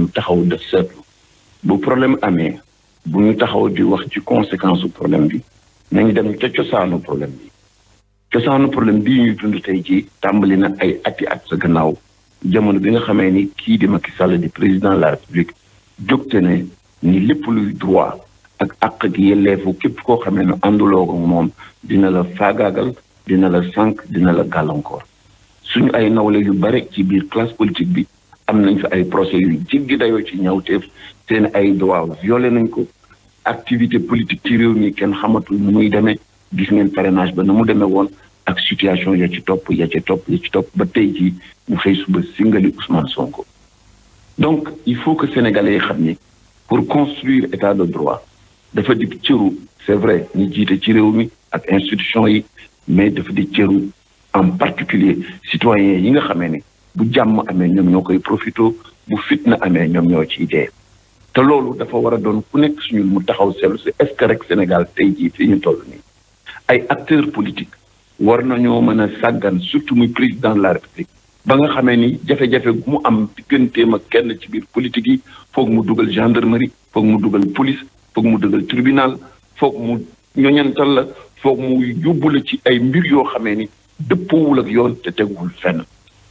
ñu taxaw def seetlu bu problème amé bu ñu taxaw di wax ci conséquences su problème bi nañ dem ca cosaanu problème bi cosaanu problème bi ñu dund tay ji tàmbali na ay ati at sa gannaaw jamono bi nga xamee ni ki di Macky Sall di président de la République jógte ne ni lépp luy droit ak ak yelleefu képp koo xamee ne ànduloo ko mom dina la faagaagal dina la sank dina la gàllankoor suñu ay nawle yu bare ci biir classe politique bi am nañ fi ay procès yu jéggi dayoo ci ñawteef seen ay droit violé nañ ko activité politique ci réew mi kenn xamatul nu muy demee gis ngeen parrainage ba na mu demee woon ak situation ya ci topp ya ci topp ya ci topp ba tey jii mu xëy suba singali Ousmane Sonko donc il faut que sénégalais yi xam pour construire état de droit dafa di cëru c'est vrai ni jiite ci réew mi ak institution yi mais dafa di cëru en particulier citoyens yi nga xamee bu jàmm amee ñoom ñoo koy profito bu fitna amee ñoom ñoo ci dee te loolu dafa war a doon ku nekk suñu mu taxaw seetlu si est-ce que rek Sénégal tey jii fi ñu toll nii ay acteurs politiques war nañoo mën a sàggan surtout muy président de la République ba nga xamee ni jafe-jafe mu am digganteem ak kenn ci biir politique yi foog mu dugal gendarmerie foog mu dugal police foog mu dugal tribunal foog mu ñoñantal la foog mu yóbbu la ci ay mbir yoo xamee ni dëppoowul ak yoon te teguwul fenn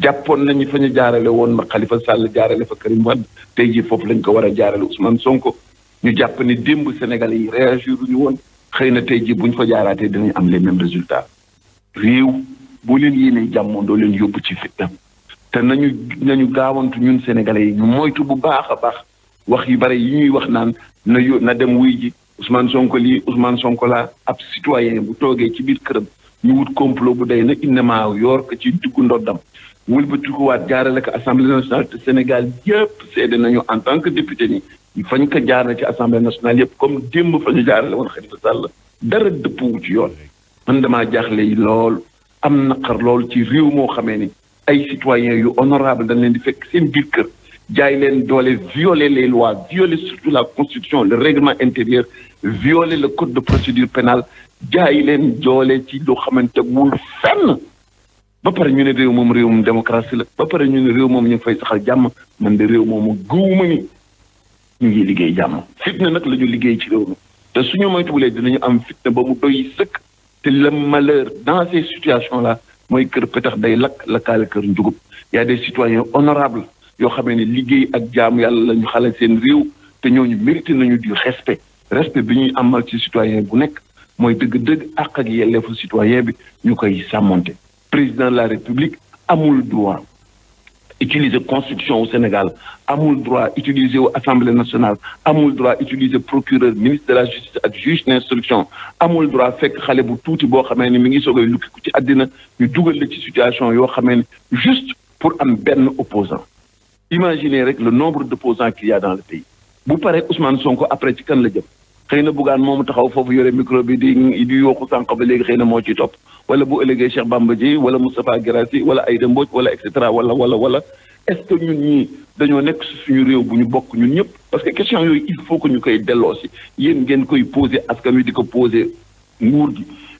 jàppoon nañu fa ñu jaarale woon ma Khalifa Sall jaarale fa Karim Wade tey jii foofu lañ ko war a jaarale Ousmane Sonko ñu jàpp ni démb Sénégalais yi réagir ñu woon xëy na tey jii bu ñu fa jaaraatee dinañ am les mêmes résultats réew boo yi yéenee jàmmoon doo leen yóbbu ci fitna te nañu nañu gaawantu ñun Sénégalais yi ñu moytu bu baax a baax wax yu bare yi ñuy wax naan na yo na dem wuy ji Ousmane Sonko lii Ousmane Sonko laa ab citoyen bu toogee ci biir këram ñu wut complot bu day na innema yor ko ci diggu ndoddam wëlbatikuwaat jaarale ko assemblée nationale te Sénégal yëpp seede nañu en tant que député ni fañ ko jaarale ci assemblée nationale yëpp comme démb fa ñu la woon Khalifa Sall dara dëppwu ci yoon man damaa jaaxle yi lool am naqar lool ci réew moo xamee ni ay citoyens yu honorable dañ leen di fekk seen biir kër jaay leen doole violer les lois violer surtout la constitution le règlement intérieur violer le code de procédure pénale jaay leen doole ci do xamanté wul fenn ba pare ñu né réew moom réewum démocratie la ba pare ñu né réew mom ñu fay saxal jamm, man de réew mom gëwuma ni ñu ngi liggéey jàmm fitna nak lañu liggéey ci réew mi te suñu moytuwulee dinañu am fitna ba mu doy sëkk te le malheur dans ces situations là moy kër petax day lakk lakkaale kër Il y a des citoyens honorables yo xamee ne liggéey ak jaamu yalla la ñu xale méritent réew te ñooñu mérité nañu du respect respect bi ñuy amal ci citoyen bu nekk moy dëgg-dëgg ak ak fu citoyen bi ñukay koy président de la république amul droit utiliser constitution au Sénégal amul droit utiliser wu assemblée nationale amul droit utiliser procureur ministre de la justice ak juge d'instruction amul droit fekk que bu tuuti bo xamee ni mi ngi soogay lukkiku ci adina ñu duggal ci situation yo juste pour am ben opposant imaginez rek le nombre de posants qu'il y a dans le pays bu paree Ousmane Sonko après ci kan la jëm xeyna na Bougane moomu taxaw fofu yoré micro bi di di yooxu sànq ba légui xeyna mo ci top wala bu ëllëgee Cheikh Bamba Dièye wala mustapha Guirassy wala Aïda Mbodj wala et cetera wala wala wala est-ce que ñun ñi dañu nekk suñu réew bu ñu bok ñun ñëpp parce que question yoy il faut que ñu koy delloo si yéen ngeen koy poser askan wi di ko poser nguur gi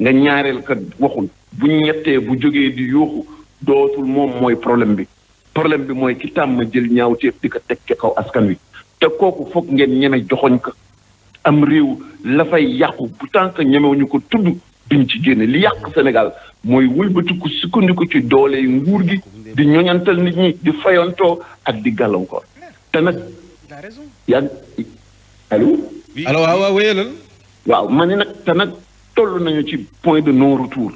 nga ñaareel kat waxul bu ñettee bu jógee di yuuxu dootul moom mooy problème bi problème bi mooy ki tàmm jël ñaawteef di ko teg ca kaw askan wi te kooku foog ngeen ñeme joxoñ ko am réew la fay yàqu bu tant ñemewuñu ko tudd duñ ci génne li yàq Sénégal mooy wëlbatiku sukkandiku ci doole nguur gi di ñoñantal nit ñi di fayantoo ak di gàllankoor te nag yaa allo. allo waaw waaw wéyalal. te nag. toll nañu ci point de non retour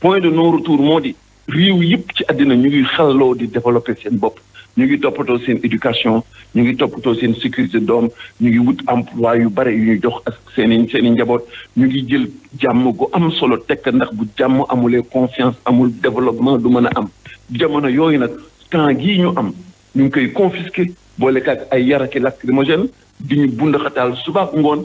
point de non retour moo di réew yëpp ci àddina ñu ngi xalloo di développer seen bopp ñu ngi toppatoo seen éducation ñu ngi toppatoo seen sécurité doom ñu ngi wut emploi yu bare yu ñu jox ak seen i seen i njaboot ñu ngi jël jàmm gu am solo tekk ndax bu jàmm amulee conscience amul développement du mën a am jamono yooyu nag temps gii ñu am ñu ngi koy confisqué boolekaak ay yaraki lacrymogène di ñu bund xataal subaak ngoon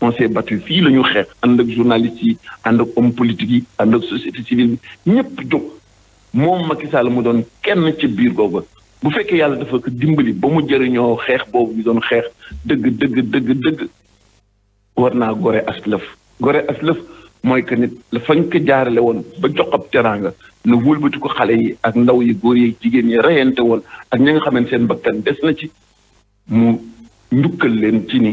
on s'est battu fii la ñu xeex ànd ak journalistes yi ànd ak homme politique yi ànd ak société civile bi ñëpp jóg moom Macky Sall mu doon kenn ci biir googu bu fekkee yàlla dafa ko dimbali ba mu jëriñoo xeex boobu doon xeex dëgg dëgg dëgg dëgg war naa gore aslëf gore aslëf mooy que nit la fañ jaarale woon ba jox ab teraanga na wëlbati ko xale yi ak ndaw yi góor yi jigéen yi reyante woon ak ñi nga xam ne seen bakkan des na ci mu njukkal leen ci ni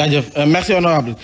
Euh, merci honorable